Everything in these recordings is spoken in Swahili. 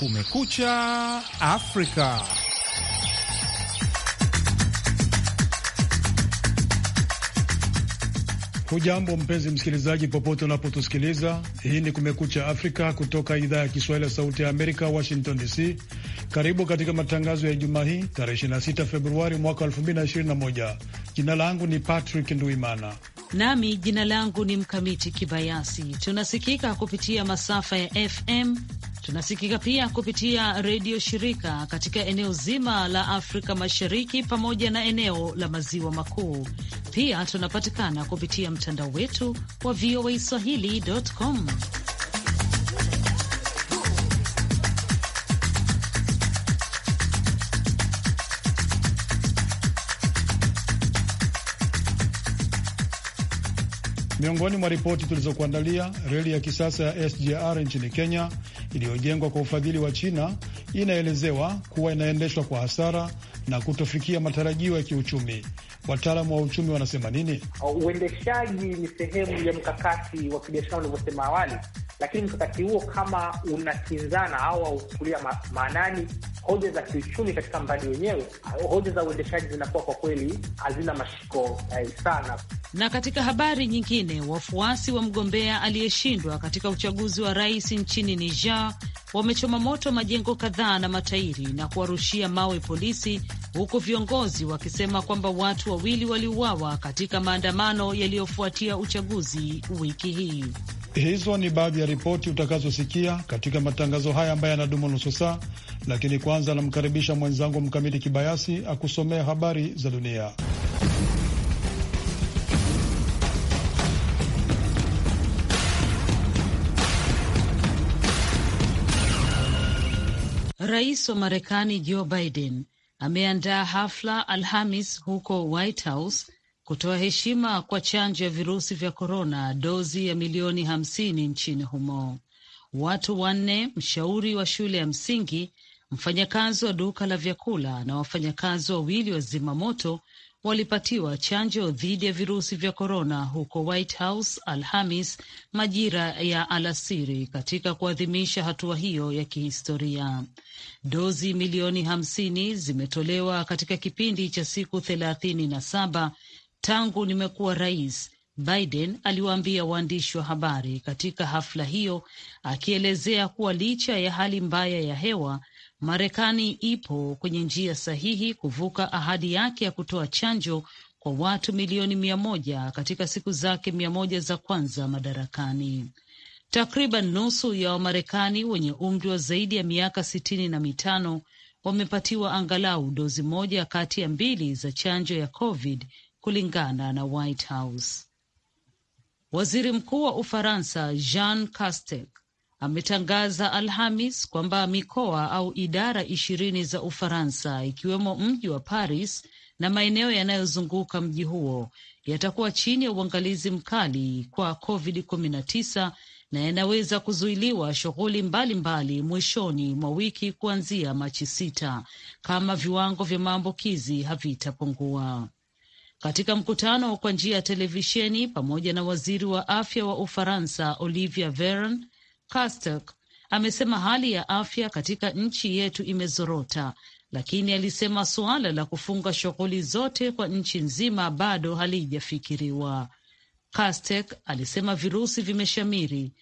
Kumekucha Afrika. Hujambo mpenzi msikilizaji, popote unapotusikiliza. Hii ni Kumekucha Afrika kutoka idhaa ya Kiswahili ya Sauti ya Amerika, Washington DC. Karibu katika matangazo ya Ijumaa hii tarehe 26 Februari mwaka 2021. Jina langu ni Patrick Nduimana nami jina langu ni Mkamiti Kibayasi. Tunasikika kupitia masafa ya FM Tunasikika pia kupitia redio shirika katika eneo zima la Afrika Mashariki pamoja na eneo la maziwa makuu. Pia tunapatikana kupitia mtandao wetu wa VOA Swahili.com. Miongoni mwa ripoti tulizokuandalia, reli ya kisasa ya SGR nchini Kenya iliyojengwa kwa ufadhili wa China inaelezewa kuwa inaendeshwa kwa hasara na kutofikia matarajio ya kiuchumi. Wataalamu wa uchumi wanasema nini? Uendeshaji ni sehemu ya mkakati wa kibiashara ulivyosema awali, lakini mkakati huo kama unakinzana au haukulia maanani hoja za kiuchumi katika mradi wenyewe, eh, hoja za uendeshaji zinakuwa kwa kweli hazina mashiko eh, sana. Na katika habari nyingine, wafuasi wa mgombea aliyeshindwa katika uchaguzi wa rais nchini Niger wamechoma moto majengo kadhaa na matairi na kuwarushia mawe polisi, huku viongozi wakisema kwamba watu wawili waliuawa katika maandamano yaliyofuatia uchaguzi wiki hii. Hizo ni baadhi ya ripoti utakazosikia katika matangazo haya ambayo yanadumu nusu saa, lakini kwanza anamkaribisha mwenzangu Mkamiti Kibayasi akusomea habari za dunia. Rais wa Marekani Joe Biden ameandaa hafla Alhamis huko White House kutoa heshima kwa chanjo ya virusi vya korona, dozi ya milioni hamsini nchini humo. Watu wanne, mshauri wa shule ya msingi, mfanyakazi wa duka la vyakula na wafanyakazi wawili wa zimamoto walipatiwa chanjo dhidi ya virusi vya korona huko White House Alhamis majira ya alasiri katika kuadhimisha hatua hiyo ya kihistoria. Dozi milioni hamsini zimetolewa katika kipindi cha siku thelathini na saba tangu nimekuwa rais, Biden aliwaambia waandishi wa habari katika hafla hiyo, akielezea kuwa licha ya hali mbaya ya hewa Marekani ipo kwenye njia sahihi kuvuka ahadi yake ya kutoa chanjo kwa watu milioni mia moja katika siku zake mia moja za kwanza madarakani. Takriban nusu ya Wamarekani wenye umri wa zaidi ya miaka sitini na mitano wamepatiwa angalau dozi moja kati ya mbili za chanjo ya COVID kulingana na White House. Waziri Mkuu wa Ufaransa Jean Castex ametangaza Alhamis kwamba mikoa au idara ishirini za Ufaransa ikiwemo mji wa Paris na maeneo yanayozunguka mji huo yatakuwa chini ya uangalizi mkali kwa COVID-19 na yanaweza kuzuiliwa shughuli mbalimbali mwishoni mwa wiki kuanzia Machi sita kama viwango vya maambukizi havitapungua. Katika mkutano kwa njia ya televisheni pamoja na waziri wa afya wa Ufaransa Olivia Veran Kastek amesema hali ya afya katika nchi yetu imezorota, lakini alisema suala la kufunga shughuli zote kwa nchi nzima bado halijafikiriwa. Kastek alisema virusi vimeshamiri,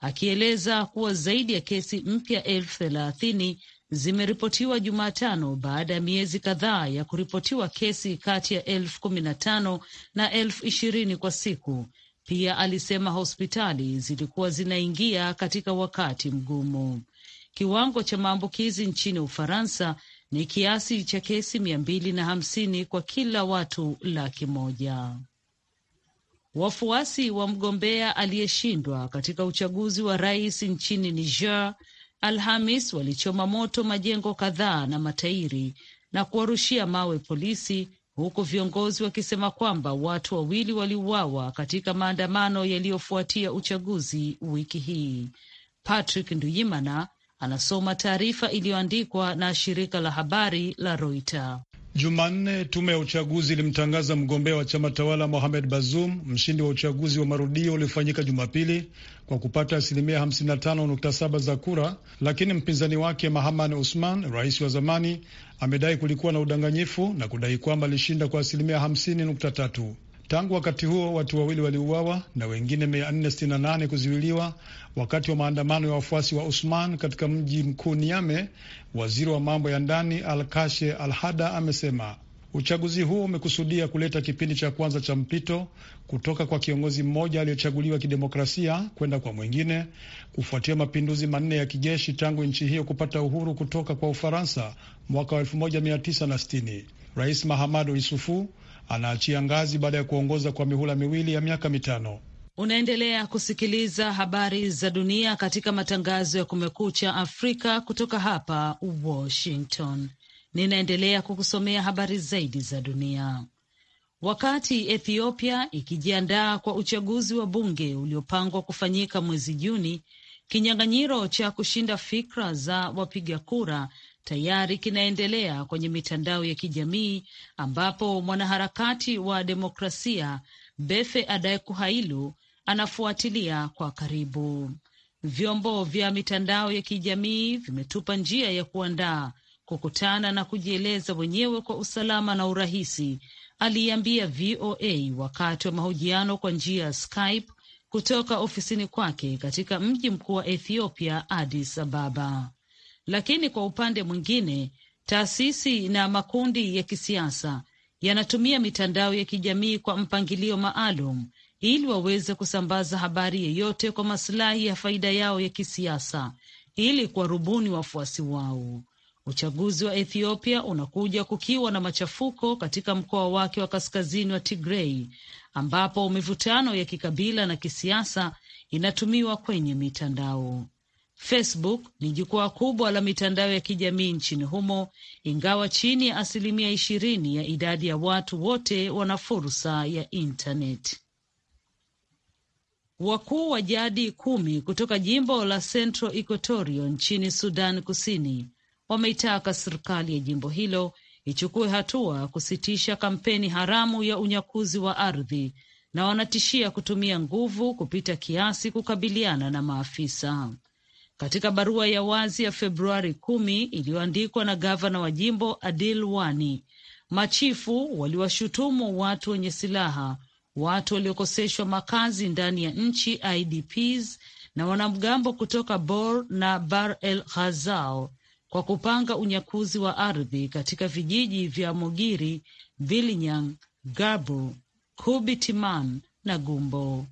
akieleza kuwa zaidi ya kesi mpya elfu thelathini zimeripotiwa Jumatano baada ya miezi kadhaa ya kuripotiwa kesi kati ya elfu kumi na tano na elfu ishirini kwa siku, pia alisema hospitali zilikuwa zinaingia katika wakati mgumu. Kiwango cha maambukizi nchini Ufaransa ni kiasi cha kesi mia mbili na hamsini kwa kila watu laki moja. Wafuasi wa mgombea aliyeshindwa katika uchaguzi wa rais nchini Niger Alhamis walichoma moto majengo kadhaa na matairi na kuwarushia mawe polisi huku viongozi wakisema kwamba watu wawili waliuawa katika maandamano yaliyofuatia uchaguzi wiki hii. Patrick Nduyimana anasoma taarifa iliyoandikwa na shirika la habari la Reuters. Jumanne tume ya uchaguzi ilimtangaza mgombea wa chama tawala Mohamed Bazoum mshindi wa uchaguzi wa marudio uliofanyika Jumapili kwa kupata asilimia 55.7 za kura, lakini mpinzani wake Mahaman Usman, rais wa zamani, amedai kulikuwa na udanganyifu na kudai kwamba alishinda kwa asilimia 50.3. Tangu wakati huo watu wawili waliuawa na wengine 468 kuziwiliwa wakati wa maandamano ya wafuasi wa Usman katika mji mkuu Niame. Waziri wa mambo ya ndani Alkashe Alhada amesema uchaguzi huo umekusudia kuleta kipindi cha kwanza cha mpito kutoka kwa kiongozi mmoja aliyochaguliwa kidemokrasia kwenda kwa mwingine kufuatia mapinduzi manne ya kijeshi tangu nchi hiyo kupata uhuru kutoka kwa Ufaransa mwaka wa 1960. Rais Mahamadu Isufu anaachia ngazi baada ya kuongoza kwa mihula miwili ya miaka mitano. Unaendelea kusikiliza habari za dunia katika matangazo ya Kumekucha Afrika kutoka hapa Washington. Ninaendelea kukusomea habari zaidi za dunia. Wakati Ethiopia ikijiandaa kwa uchaguzi wa bunge uliopangwa kufanyika mwezi Juni, kinyang'anyiro cha kushinda fikra za wapiga kura tayari kinaendelea kwenye mitandao ya kijamii ambapo mwanaharakati wa demokrasia Befe Adaekuhailu anafuatilia kwa karibu. Vyombo vya mitandao ya kijamii vimetupa njia ya kuandaa kukutana na kujieleza wenyewe kwa usalama na urahisi, aliiambia VOA wakati wa mahojiano kwa njia ya Skype kutoka ofisini kwake katika mji mkuu wa Ethiopia, Addis Ababa. Lakini kwa upande mwingine, taasisi na makundi ya kisiasa yanatumia mitandao ya kijamii kwa mpangilio maalum ili waweze kusambaza habari yeyote kwa masilahi ya faida yao ya kisiasa ili kuwarubuni wafuasi wao. Uchaguzi wa Ethiopia unakuja kukiwa na machafuko katika mkoa wake wa kaskazini wa Tigrei, ambapo mivutano ya kikabila na kisiasa inatumiwa kwenye mitandao. Facebook ni jukwaa kubwa la mitandao ya kijamii nchini humo, ingawa chini ya asilimia ishirini ya idadi ya watu wote wana fursa ya intaneti. Wakuu wa jadi kumi kutoka jimbo la Central Equatoria nchini Sudan Kusini wameitaka serikali ya jimbo hilo ichukue hatua kusitisha kampeni haramu ya unyakuzi wa ardhi na wanatishia kutumia nguvu kupita kiasi kukabiliana na maafisa. Katika barua ya wazi ya Februari kumi iliyoandikwa na gavana wa jimbo Adil Wani, machifu waliwashutumu watu wenye silaha watu waliokoseshwa makazi ndani ya nchi IDPs na wanamgambo kutoka Bor na Bar el Ghazal kwa kupanga unyakuzi wa ardhi katika vijiji vya Mogiri, Vilinyang, Gabu, Kubi Timan na Gumbo.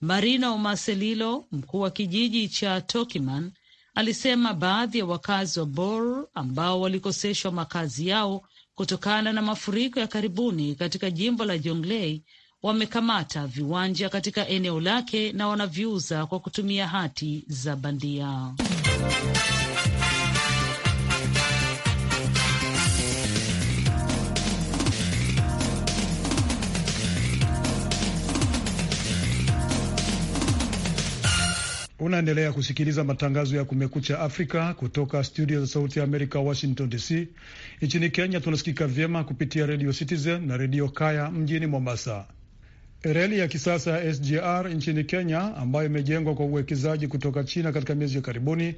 Marino Marcelilo, mkuu wa kijiji cha Tokiman, alisema baadhi ya wakazi wa Bor ambao walikoseshwa makazi yao kutokana na mafuriko ya karibuni katika jimbo la Jonglei wamekamata viwanja katika eneo lake na wanaviuza kwa kutumia hati za bandia. Unaendelea kusikiliza matangazo ya Kumekucha Afrika kutoka studio za Sauti ya Amerika, Washington DC. Nchini Kenya tunasikika vyema kupitia Redio Citizen na Redio Kaya mjini Mombasa. Reli ya kisasa ya SGR nchini Kenya ambayo imejengwa kwa uwekezaji kutoka China katika miezi ya karibuni,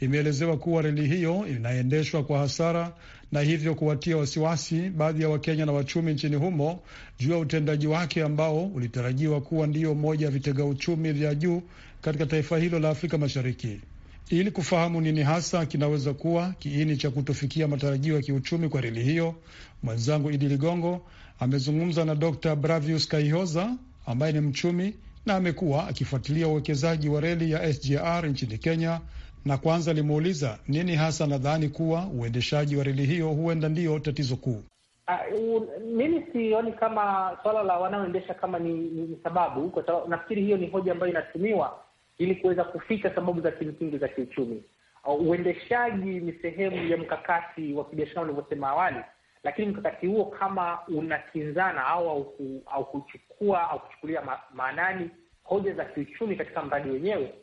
imeelezewa kuwa reli hiyo inaendeshwa kwa hasara na hivyo kuwatia wasiwasi baadhi ya Wakenya na wachumi nchini humo juu ya utendaji wake ambao ulitarajiwa kuwa ndiyo moja ya vitega uchumi vya juu katika taifa hilo la Afrika Mashariki. Ili kufahamu nini hasa kinaweza kuwa kiini cha kutofikia matarajio ya kiuchumi kwa reli hiyo, mwenzangu Idi Ligongo amezungumza na Dr Bravius Kaihoza ambaye ni mchumi na amekuwa akifuatilia uwekezaji wa reli ya SGR nchini Kenya, na kwanza alimuuliza nini hasa nadhani kuwa uendeshaji wa reli hiyo huenda ndiyo tatizo kuu. Uh, mimi sioni kama swala la wanaoendesha kama ni, ni sababu. Kwa sababu nafikiri hiyo ni hoja ambayo inatumiwa ili kuweza kuficha sababu za kimsingi za kiuchumi. Ah, uendeshaji ni sehemu ya mkakati wa kibiashara ulivyosema awali, lakini mkakati huo kama unakinzana au kuchukua au kuchukulia maanani hoja za kiuchumi katika mradi wenyewe,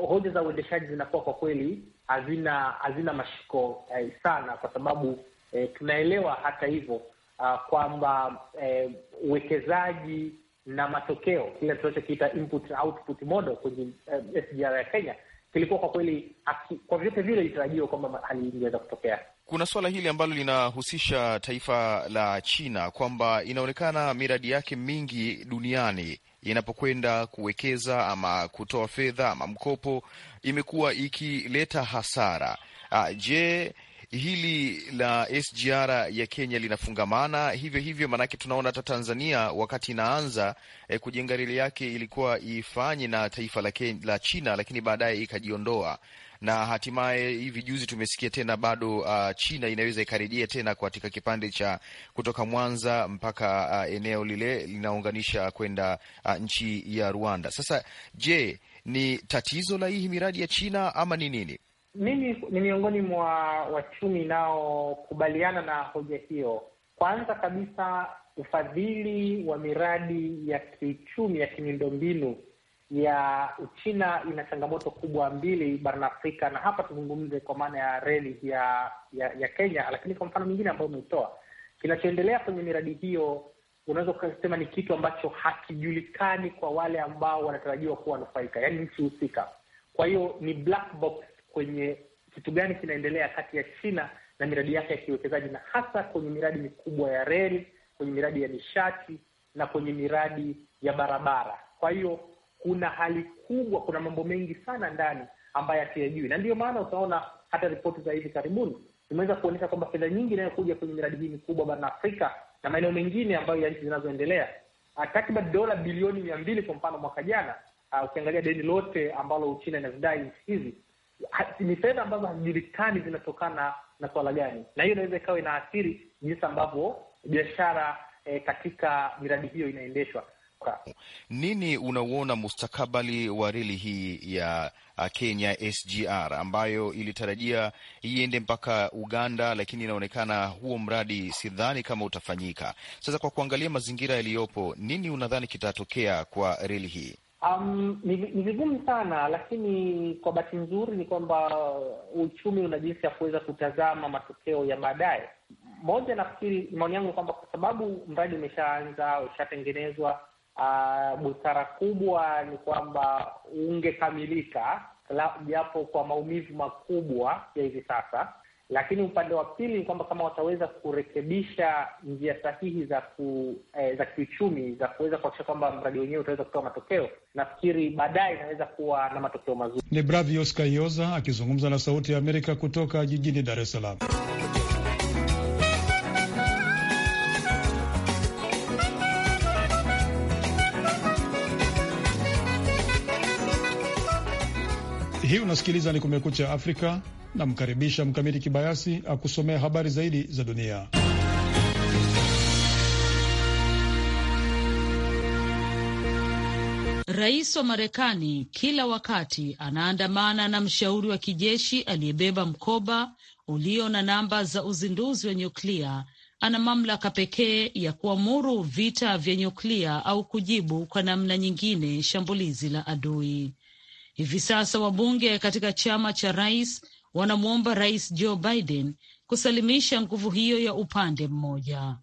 uh, hoja za uendeshaji zinakuwa kwa kweli hazina hazina mashiko eh, sana, kwa sababu eh, tunaelewa hata hivyo uh, kwamba eh, uwekezaji na matokeo kile tunachokiita input output model kwenye eh, SGR ya Kenya kilikuwa kwa kweli, kwa vyote vile ilitarajiwa kwamba halingeweza kutokea. Kuna suala hili ambalo linahusisha taifa la China kwamba inaonekana miradi yake mingi duniani inapokwenda kuwekeza ama kutoa fedha ama mkopo imekuwa ikileta hasara. A, ah, je, hili la SGR ya Kenya linafungamana hivyo hivyo? Maanake tunaona hata Tanzania wakati inaanza e, kujenga reli yake ilikuwa ifanye na taifa la, la China, lakini baadaye ikajiondoa na hatimaye hivi juzi tumesikia tena bado uh, China inaweza ikarejea tena katika kipande cha kutoka Mwanza mpaka uh, eneo lile linaunganisha kwenda uh, nchi ya Rwanda. Sasa je, ni tatizo la hii miradi ya China ama ni nini? Mimi ni miongoni mwa wachumi inaokubaliana na hoja hiyo. Kwanza kabisa, ufadhili wa miradi ya kiuchumi ya kimiundombinu ya Uchina ina changamoto kubwa mbili barani Afrika, na hapa tuzungumze kwa maana ya reli ya, ya ya Kenya, lakini kwa mfano mwingine ambayo umeitoa, kinachoendelea kwenye miradi hiyo unaweza ukasema ni kitu ambacho hakijulikani kwa wale ambao wanatarajiwa kuwa wanufaika, yaani nchi husika. Kwa hiyo ni black box kwenye kitu gani kinaendelea kati ya China na miradi yake ya kiwekezaji, na hasa kwenye miradi mikubwa ya reli, kwenye miradi ya nishati na kwenye miradi ya barabara. Kwa hiyo kuna hali kubwa, kuna mambo mengi sana ndani ambayo hatuyajui, na ndiyo maana utaona hata ripoti za hivi karibuni zimeweza kuonyesha kwamba fedha nyingi inayokuja kwenye miradi hii mikubwa barani Afrika na maeneo mengine ambayo ya nchi zinazoendelea ah, takriban dola bilioni mia mbili kwa mfano mwaka jana. Uh, ukiangalia deni lote ambalo Uchina inazidai nchi hizi ah, ni fedha ambazo hazijulikani zinatokana na swala gani, na hiyo inaweza ikawa inaathiri jinsi ambavyo biashara eh, katika miradi hiyo inaendeshwa. Nini unauona mustakabali wa reli hii ya uh, Kenya SGR ambayo ilitarajia iende mpaka Uganda, lakini inaonekana huo mradi sidhani kama utafanyika. Sasa kwa kuangalia mazingira yaliyopo, nini unadhani kitatokea kwa reli hii? Um, ni vigumu sana, lakini kwa bahati nzuri ni kwamba uchumi una jinsi ya kuweza kutazama matokeo ya baadaye. Moja, nafikiri maoni yangu kwamba kwa sababu mradi umeshaanza, ushatengenezwa Ah, busara kubwa ni kwamba ungekamilika japo kwa maumivu makubwa ya hivi sasa, lakini upande wa pili ni kwamba kama wataweza kurekebisha njia sahihi za ku, eh, za kiuchumi za kuweza kuakisha kwamba mradi wenyewe utaweza kutoa matokeo, nafikiri baadaye inaweza kuwa na matokeo mazuri. Ni Bravi Oscar Yoza akizungumza na Sauti ya Amerika kutoka jijini Dar es Salaam. Hii unasikiliza ni Kumekucha Afrika. Namkaribisha Mkamiti Kibayasi akusomea habari zaidi za dunia. Rais wa Marekani kila wakati anaandamana na mshauri wa kijeshi aliyebeba mkoba ulio na namba za uzinduzi wa nyuklia. Ana mamlaka pekee ya kuamuru vita vya nyuklia au kujibu kwa namna nyingine shambulizi la adui. Hivi sasa wabunge katika chama cha rais wanamwomba rais Joe Biden kusalimisha nguvu hiyo ya upande mmoja.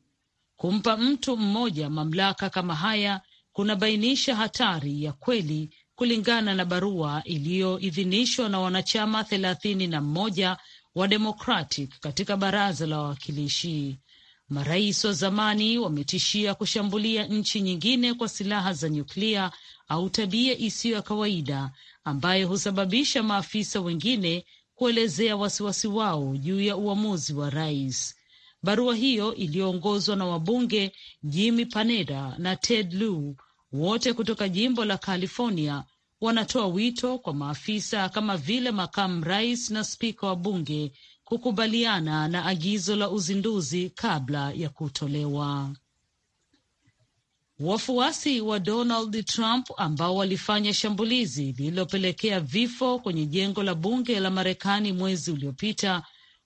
Kumpa mtu mmoja mamlaka kama haya kunabainisha hatari ya kweli, kulingana na barua iliyoidhinishwa na wanachama thelathini na mmoja wa Democratic katika baraza la wawakilishi. Marais wa zamani wametishia kushambulia nchi nyingine kwa silaha za nyuklia au tabia isiyo ya kawaida ambayo husababisha maafisa wengine kuelezea wasiwasi wao juu ya uamuzi wa rais. Barua hiyo iliyoongozwa na wabunge Jimmy Panetta na Ted Lieu, wote kutoka jimbo la California, wanatoa wito kwa maafisa kama vile makamu rais na spika wa bunge kukubaliana na agizo la uzinduzi kabla ya kutolewa. Wafuasi wa Donald Trump ambao walifanya shambulizi lililopelekea vifo kwenye jengo la bunge la Marekani mwezi uliopita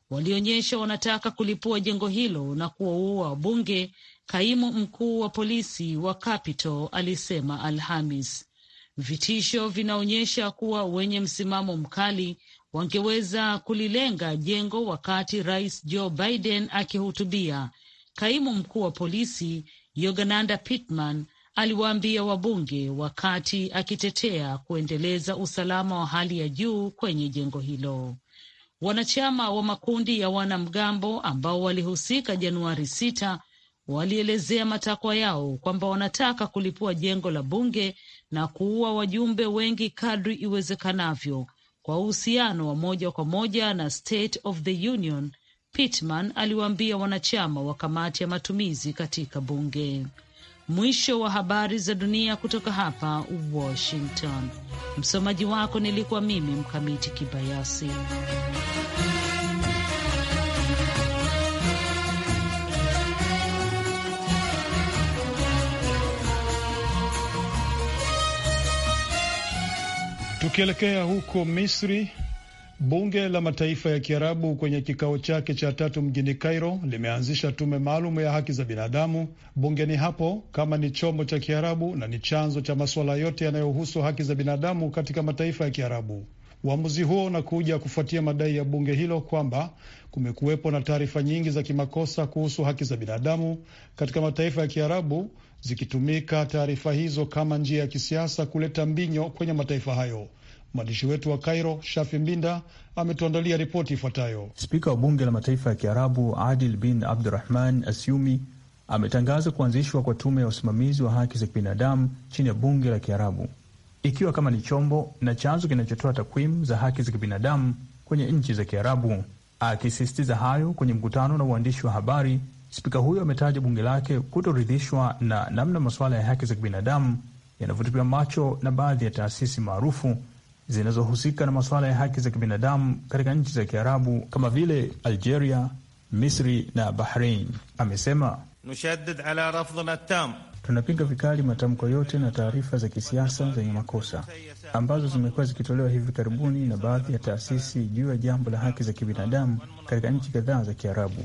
walionyesha wanataka kulipua jengo hilo na kuwaua wabunge. Kaimu mkuu wa polisi wa Capitol alisema Alhamis vitisho vinaonyesha kuwa wenye msimamo mkali wangeweza kulilenga jengo wakati Rais Joe Biden akihutubia. Kaimu mkuu wa polisi Yogananda Pittman aliwaambia wabunge wakati akitetea kuendeleza usalama wa hali ya juu kwenye jengo hilo. Wanachama wa makundi ya wanamgambo ambao walihusika Januari 6 walielezea matakwa yao kwamba wanataka kulipua jengo la bunge na kuua wajumbe wengi kadri iwezekanavyo kwa uhusiano wa moja kwa moja na State of the Union Pittman aliwaambia wanachama wa kamati ya matumizi katika bunge. Mwisho wa habari za dunia kutoka hapa Washington. Msomaji wako nilikuwa mimi Mkamiti Kibayasi. Tukielekea huko Misri Bunge la Mataifa ya Kiarabu kwenye kikao chake cha tatu mjini Cairo limeanzisha tume maalum ya haki za binadamu bungeni hapo kama ni chombo cha Kiarabu na ni chanzo cha masuala yote yanayohusu haki za binadamu katika mataifa ya Kiarabu. Uamuzi huo unakuja kufuatia madai ya bunge hilo kwamba kumekuwepo na taarifa nyingi za kimakosa kuhusu haki za binadamu katika mataifa ya Kiarabu, zikitumika taarifa hizo kama njia ya kisiasa kuleta mbinyo kwenye mataifa hayo. Mwandishi wetu wa cairo Shafi Mbinda, ametuandalia ripoti ifuatayo. Spika wa bunge la mataifa ya Kiarabu Adil bin Abdurahman Asyumi ametangaza kuanzishwa kwa tume ya usimamizi wa haki za kibinadamu chini ya bunge la Kiarabu, ikiwa kama ni chombo na chanzo kinachotoa takwimu za haki za kibinadamu kwenye nchi za Kiarabu. Akisisitiza hayo kwenye mkutano na uandishi wa habari, spika huyo ametaja bunge lake kutoridhishwa na namna masuala ya haki za kibinadamu yanavyotupia macho na baadhi ya taasisi maarufu zinazohusika na masuala ya haki za kibinadamu katika nchi za Kiarabu kama vile Algeria, Misri na Bahrain. Amesema nushaddid ala rafdhina tam Tunapinga vikali matamko yote na taarifa za kisiasa zenye makosa ambazo zimekuwa zikitolewa hivi karibuni na baadhi ya taasisi juu ya jambo la haki za kibinadamu katika nchi kadhaa za Kiarabu.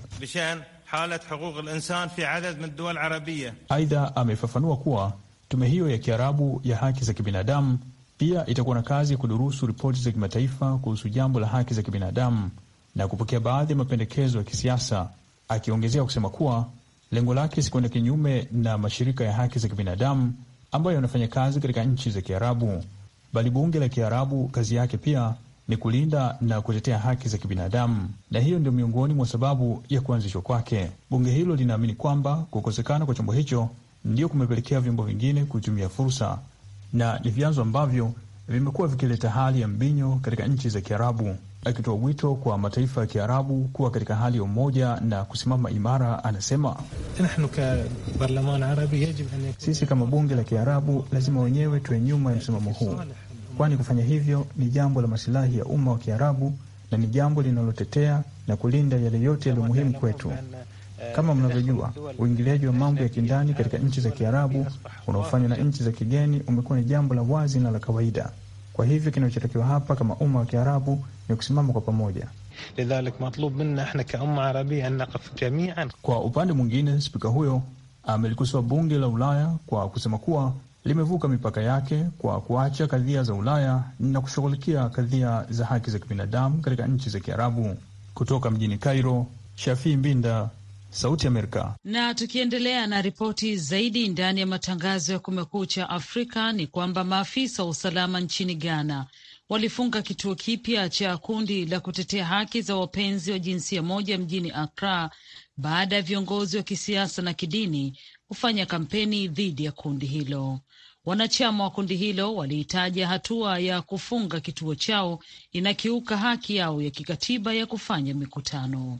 Aidha, amefafanua kuwa tume hiyo ya Kiarabu ya haki za kibinadamu pia itakuwa na kazi ya kudurusu ripoti za kimataifa kuhusu jambo la haki za kibinadamu na kupokea baadhi ya mapendekezo ya kisiasa, akiongezea kusema kuwa lengo lake si kinyume na mashirika ya haki za kibinadamu ambayo yanafanya kazi katika nchi za Kiarabu, bali bunge la Kiarabu kazi yake pia ni kulinda na kutetea haki za kibinadamu, na hiyo ndio miongoni mwa sababu ya kuanzishwa kwake. Bunge hilo linaamini kwamba kukosekana kwa chombo hicho ndio kumepelekea vyombo vingine kutumia fursa na ni vyanzo ambavyo vimekuwa vikileta hali ya mbinyo katika nchi za Kiarabu. Akitoa wito kwa mataifa ya Kiarabu kuwa katika hali ya umoja na kusimama imara, anasema sisi kama bunge la Kiarabu lazima wenyewe tuwe nyuma ya msimamo huu, kwani kufanya hivyo ni jambo la masilahi ya umma wa Kiarabu na ni jambo linalotetea na kulinda yale yote yaliyo muhimu kwetu. Eh, kama mnavyojua, uingiliaji wa mambo ya kindani katika nchi za Kiarabu unaofanywa na nchi za kigeni umekuwa ni jambo la wazi na la kawaida. Kwa hivyo kinachotakiwa hapa kama umma wa Kiarabu ni kusimama kwa pamoja. Kwa upande mwingine, spika huyo amelikosoa bunge la Ulaya kwa kusema kuwa limevuka mipaka yake kwa kuacha kadhia za Ulaya na kushughulikia kadhia za haki za kibinadamu katika nchi za Kiarabu. Kutoka mjini Cairo, Shafii Mbinda, Sauti Amerika. Na tukiendelea na ripoti zaidi ndani ya matangazo ya Kumekucha Afrika ni kwamba maafisa wa usalama nchini Ghana walifunga kituo kipya cha kundi la kutetea haki za wapenzi wa jinsia moja mjini Accra baada ya viongozi wa kisiasa na kidini kufanya kampeni dhidi ya kundi hilo. Wanachama wa kundi hilo walihitaja hatua ya kufunga kituo chao inakiuka haki yao ya kikatiba ya kufanya mikutano.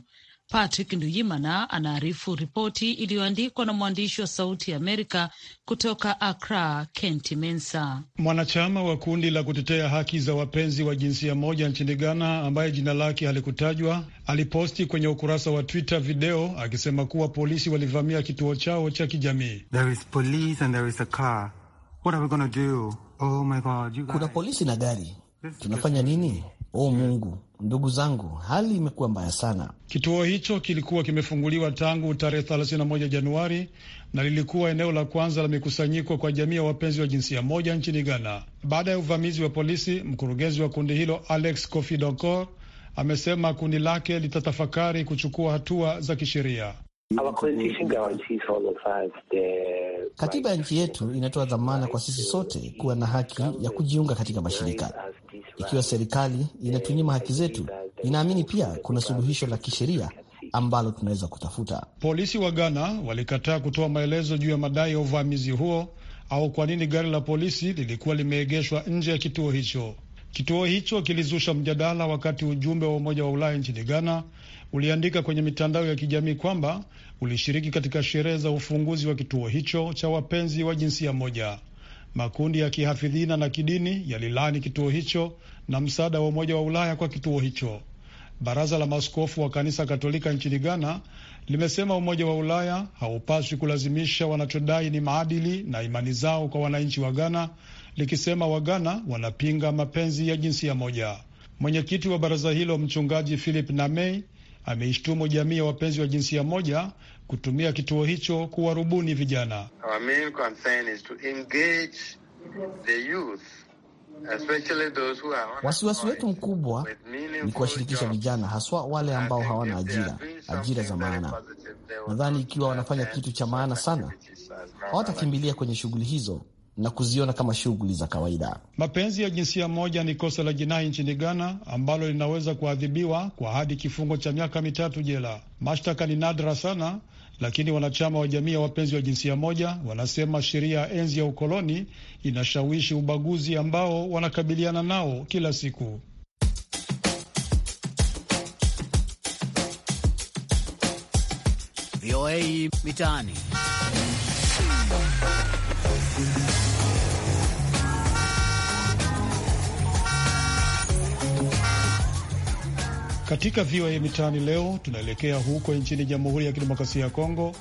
Patrick Nduyimana anaarifu ripoti iliyoandikwa na mwandishi wa Sauti ya Amerika kutoka Accra, Kenti Mensa. Mwanachama wa kundi la kutetea haki za wapenzi wa jinsia moja nchini Ghana, ambaye jina lake halikutajwa, aliposti kwenye ukurasa wa Twitter video akisema kuwa polisi walivamia kituo chao cha kijamii. Oh, kuna polisi na gari, tunafanya nini? O Mungu, ndugu zangu, hali imekuwa mbaya sana. Kituo hicho kilikuwa kimefunguliwa tangu tarehe 31 Januari na lilikuwa eneo la kwanza la mikusanyiko kwa jamii ya wapenzi wa jinsia moja nchini Ghana baada ya uvamizi wa polisi. Mkurugenzi wa kundi hilo Alex Kofi Donkor amesema kundi lake litatafakari kuchukua hatua za kisheria. Katiba ya nchi yetu inatoa dhamana kwa sisi sote kuwa na haki ya kujiunga katika mashirika. Ikiwa serikali inatunyima haki zetu, inaamini pia kuna suluhisho la kisheria ambalo tunaweza kutafuta. Polisi wa Ghana walikataa kutoa maelezo juu ya madai ya uvamizi huo au kwa nini gari la polisi lilikuwa limeegeshwa nje ya kituo hicho. Kituo hicho kilizusha mjadala wakati ujumbe wa Umoja wa Ulaya nchini Ghana uliandika kwenye mitandao ya kijamii kwamba ulishiriki katika sherehe za ufunguzi wa kituo hicho cha wapenzi wa jinsia moja. Makundi ya kihafidhina na kidini yalilaani kituo hicho na msaada wa Umoja wa Ulaya kwa kituo hicho. Baraza la maskofu wa kanisa Katolika nchini Ghana limesema Umoja wa Ulaya haupaswi kulazimisha wanachodai ni maadili na imani zao kwa wananchi wa Ghana, likisema Waghana wanapinga mapenzi ya jinsia moja. Mwenyekiti wa baraza hilo mchungaji Philip Namei ameishtumu jamii ya wapenzi wa jinsia moja kutumia kituo hicho kuwarubuni vijana. Wasiwasi wetu mkubwa ni kuwashirikisha vijana, haswa wale ambao hawana ajira, ajira za maana. Nadhani ikiwa wanafanya kitu cha maana sana, hawatakimbilia kwenye shughuli hizo, na kuziona kama shughuli za kawaida. Mapenzi ya jinsia moja ni kosa la jinai nchini Ghana ambalo linaweza kuadhibiwa kwa hadi kifungo cha miaka mitatu jela. Mashtaka ni nadra sana, lakini wanachama wa jamii ya wapenzi wa jinsia moja wanasema sheria ya enzi ya ukoloni inashawishi ubaguzi ambao wanakabiliana nao kila siku. VOA Mitaani. Katika VOA Mitaani leo tunaelekea huko nchini Jamhuri ya Kidemokrasia ya Kongo,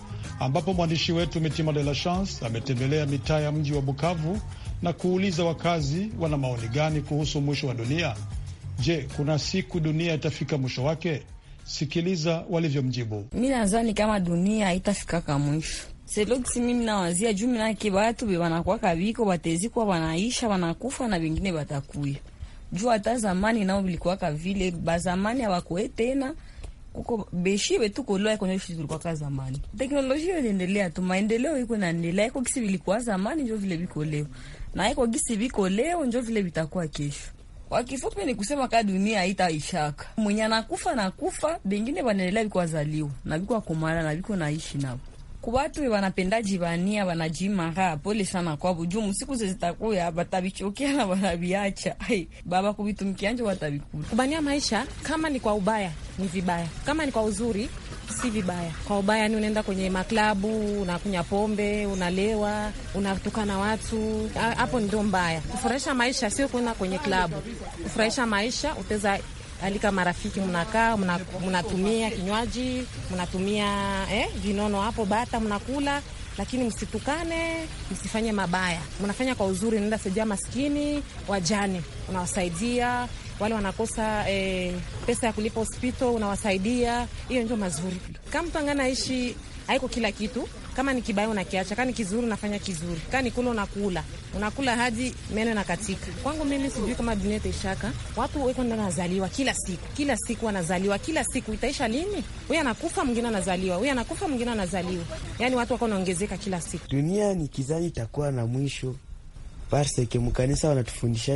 ambapo mwandishi wetu Mitima De La Chance ametembelea mitaa ya mji wa Bukavu na kuuliza wakazi wana maoni gani kuhusu mwisho wa dunia. Je, kuna siku dunia itafika mwisho wake? Sikiliza walivyomjibu. Mi nazani kama dunia haitafikaka mwisho Selogisi mimi nawazia juu minake batu be wanakwaka biko batezikwa wanaisha wanakufa na vengine vatakuya juu hata zamani nao vilikuwaka vile bazamani hawakue tena kuko beshibe tu koloa kwenye shi vilikuwa kwa zamani. Teknolojia inaendelea tu, maendeleo iko naendelea, iko kisi vilikuwa zamani njo vile viko leo, na iko kisi viko leo njo vile vitakuwa kesho. Kwa kifupi ni kusema kaa dunia haita ishaka mwenye anakufa nakufa, bengine wanaendelea biko wazaliwa na biko akomana na viko naishi nao kuwatu wanapendaji e bania wanajima haa, pole sana kwa bujumu siku zitakuya batabichokia na wanabiacha. Ai baba kubitumikianja watabikula kubania maisha. Kama ni kwa ubaya ni vibaya, kama ni kwa uzuri si vibaya. Kwa ubaya ni unaenda kwenye maklabu, unakunya pombe, unalewa, unatukana watu, hapo ndio mbaya. Kufurahisha maisha sio kuenda kwenye klabu, kufurahisha maisha utaweza alika marafiki, mnakaa mnatumia kinywaji, mnatumia eh, vinono hapo bata, mnakula lakini msitukane, msifanye mabaya, mnafanya kwa uzuri. Nenda saidia maskini, wajane unawasaidia, wale wanakosa eh, pesa ya kulipa hospitali unawasaidia. Hiyo ndio mazuri. Kama mtu anganaishi, haiko kila kitu kama ni kibaya unakiacha, kama ni kizuri unafanya kizuri, kama ni kula unakula, unakula hadi meno nakatika. Kwangu mimi sijui kama dunia itaishaka. Watu weko ndio wanazaliwa kila siku, kila siku wanazaliwa, kila siku itaisha lini? Huyu anakufa mwingine anazaliwa, huyu anakufa mwingine anazaliwa, yani watu wako wanaongezeka kila siku. Dunia ni kizani itakuwa na mwisho parseke mukanisa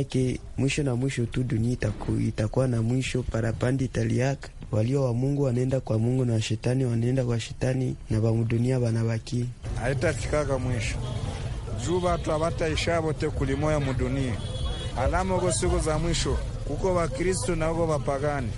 ke mwisho na mwisho tu dunia itaku, itakuwa na mwisho, parapandi italiaka walio wa Mungu wanaenda kwa Mungu na washetani wanaenda kwa shetani na vamudunia vanavaki, haitafikaka mwisho juu vatu avataisha vote kulimoya mudunia alama uko siku za mwisho kuko Vakristu na uko vapagani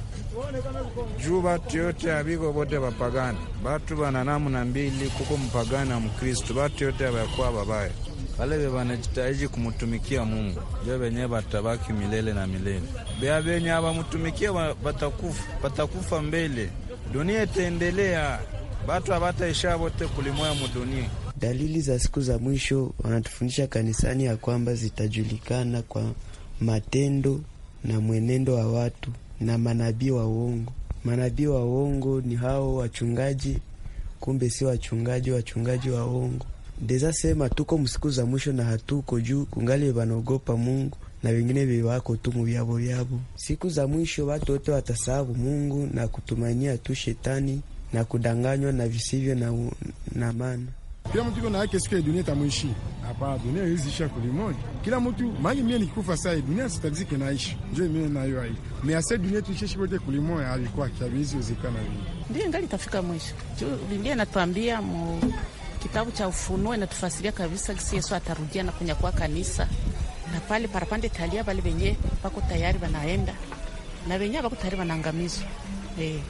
juu vatu yote aviko vote vapagani vatu vana na mbili kuko mpagani na Mkristu vatu yote avakuwa vavaya wale wanajitahidi kumutumikia Mungu jo wenyewe watabaki milele na milele. Bea venye awamutumikia watakufa, watakufa mbele. Dunia itaendelea, watu hawataisha wote kulimoya mudunia. Dalili za siku za mwisho wanatufundisha kanisani ya kwamba zitajulikana kwa matendo na mwenendo wa watu na manabii wa uongo. Manabii wa uongo ni hao wachungaji, kumbe si wachungaji, wachungaji wa uongo ndeza sema tuko msiku za mwisho na hatuko juu, kungali vanaogopa Mungu na vingine vevako tu muvyavo vyavo. Siku za mwisho watu wote watasahau Mungu na kutumainia tu shetani na kudanganywa na visivyo na, na maana kila mtu iko na yake, siku ya dunia tamwishi hapa. Dunia hizi isha kulimoja, kila mtu maji. Mie nikikufa sai dunia sitazike naishi, njo mie nayo aishi mease dunia tu tuisheshi kote kulimoya avikwaki aviizi uzikana vii ndiye ngali tafika mwisho juu Biblia natuambia mu kitabu cha Ufunuo inatufasiria kabisa kisi Yesu atarudia na kunyakua kanisa, na pale parapande talia bale benye bako tayari banaenda na benye bako tayari banaangamizwa. Eh,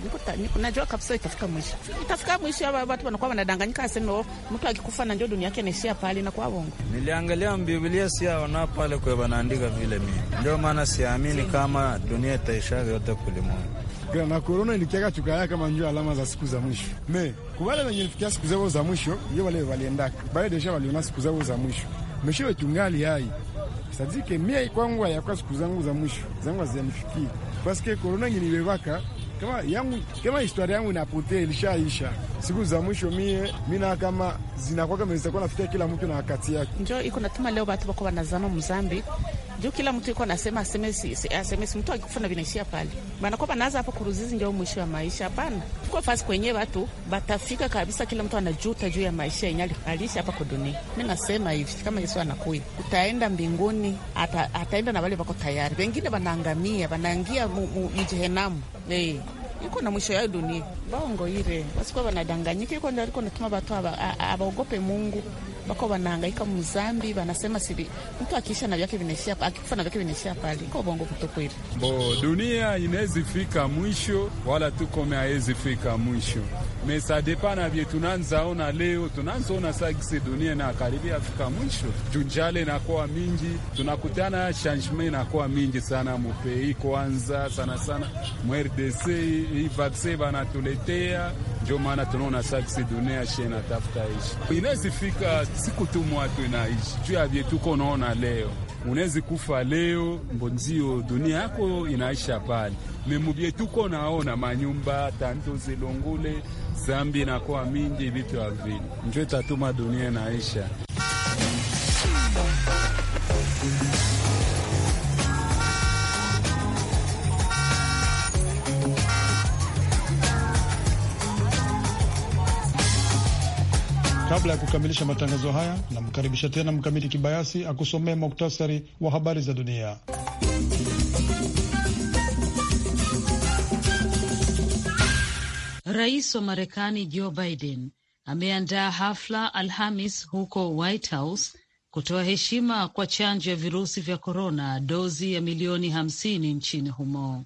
najua kabisa itafika mwisho, itafika mwisho. Watu wanakuwa wanadanganyika, aseme oh, mtu akikufa na njoo dunia yake naishia pale na kwa bongo. Niliangalia Biblia siaona pale kwa wanaandika vile mimi, ndio maana siamini kama dunia itaishaga yote kulimwengu na korona ilikiaka chukaya kama njua alama za siku za mwisho me kuwale wenye lifikia siku zao za mwisho njo wale waliendaka bale desha waliona siku zao za mwisho mesho wetu ngali hai sadike mie kwangu ayakwa siku zangu za mwisho zangu azanifikia paske korona nginibebaka kama yangu kama historia yangu inapotea ilishaisha. Siku za mwisho mie mina kama zinakwaka kama zitakuwa nafikia kila mtu na wakati yake, njo iko natuma leo batu bako banazama mzambi juu kila mtu yuko anasema asemesi asemesi, mtu akifuna vinaishia pale, maana kwamba naanza hapo kuruzizi ndio mwisho wa maisha. Hapana, tuko fasi kwenye watu batafika kabisa, kila mtu anajuta juu ya maisha yenye alishi hapa kwa dunia. Mimi nasema hivi, kama Yesu anakuja, utaenda mbinguni, ata, ataenda na wale wako tayari, wengine wanaangamia, wanaingia mjehenamu eh Iko na mwisho yao dunia, bongo ile basi kwa wanadanganyika, iko ndio aliko natuma watu abaogope Mungu bako wanaangaika muzambi, wanasema sivi, mtu akiisha na vyake vinaishia, akikufa na vyake vinaishia pale. Iko bongo kutokweli, bo dunia inaezi fika mwisho, wala tukome hawezi fika mwisho mesadepana vye ona leo, tunanza tunanzaona sagisi dunia na karibia fika mwisho, junjale inakuwa mingi, tunakutana shanjme inakuwa mingi sana mupei, kwanza sana sana mRDC hii vaksin vanatuletea ndio maana tunaona saksi dunia ashe inatafuta ishi, inawezi siku tu mwatu inaishi juu ya vyetuko. Unaona leo unawezi kufa leo, mbonzio dunia yako inaisha pale memuvyetuko. Naona manyumba tanto zilungule zambi nakuwa mingi, vitu avili njo itatuma dunia inaisha. Kabla ya kukamilisha matangazo haya, namkaribisha tena Mkamiti Kibayasi akusomea muktasari wa habari za dunia. Rais wa Marekani Joe Biden ameandaa hafla Alhamis huko White House kutoa heshima kwa chanjo ya virusi vya korona, dozi ya milioni hamsini nchini humo.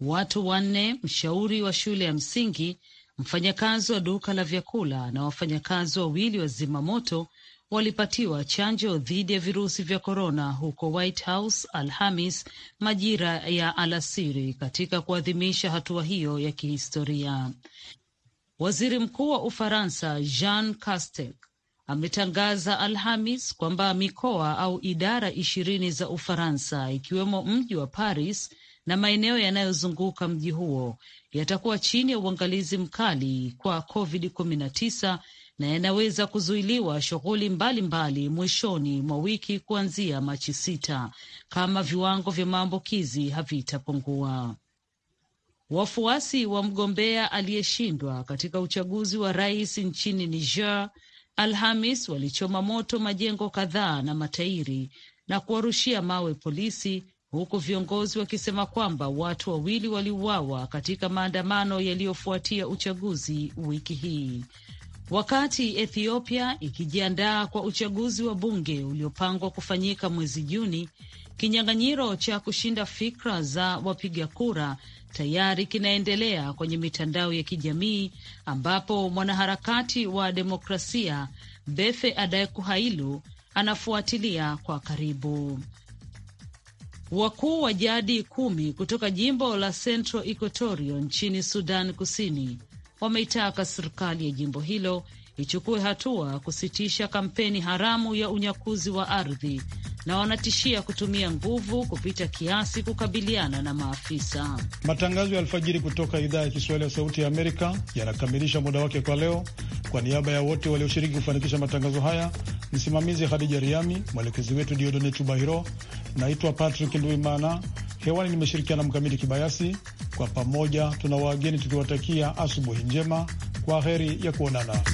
Watu wanne, mshauri wa shule ya msingi mfanyakazi wa duka la vyakula na wafanyakazi wawili wa zimamoto walipatiwa chanjo dhidi ya virusi vya korona huko White House Alhamis majira ya alasiri katika kuadhimisha hatua hiyo ya kihistoria. Waziri Mkuu wa Ufaransa Jean Castex ametangaza Alhamis kwamba mikoa au idara ishirini za Ufaransa ikiwemo mji wa Paris na maeneo yanayozunguka mji huo yatakuwa chini ya uangalizi mkali kwa COVID-19 na yanaweza kuzuiliwa shughuli mbalimbali mwishoni mwa wiki kuanzia Machi sita kama viwango vya maambukizi havitapungua. Wafuasi wa mgombea aliyeshindwa katika uchaguzi wa rais nchini Niger Alhamis walichoma moto majengo kadhaa na matairi na kuwarushia mawe polisi huku viongozi wakisema kwamba watu wawili waliuawa katika maandamano yaliyofuatia uchaguzi wiki hii. Wakati Ethiopia ikijiandaa kwa uchaguzi wa bunge uliopangwa kufanyika mwezi Juni, kinyang'anyiro cha kushinda fikra za wapiga kura tayari kinaendelea kwenye mitandao ya kijamii ambapo mwanaharakati wa demokrasia Befe Adaekuhailu anafuatilia kwa karibu. Wakuu wa jadi kumi kutoka jimbo la Central Equatoria nchini Sudan Kusini wameitaka serikali ya jimbo hilo ichukue hatua kusitisha kampeni haramu ya unyakuzi wa ardhi na wanatishia kutumia nguvu kupita kiasi kukabiliana na maafisa. Matangazo ya alfajiri kutoka idhaa ya Kiswahili ya Sauti ya Amerika yanakamilisha muda wake kwa leo. Kwa niaba ya wote walioshiriki kufanikisha matangazo haya, msimamizi Khadija Riami, mwelekezi wetu Diodone Chubahiro, naitwa Patrick Nduimana. Hewani nimeshirikiana Mkamiti Kibayasi. Kwa pamoja tuna wageni tukiwatakia asubuhi njema, kwa heri ya kuonana.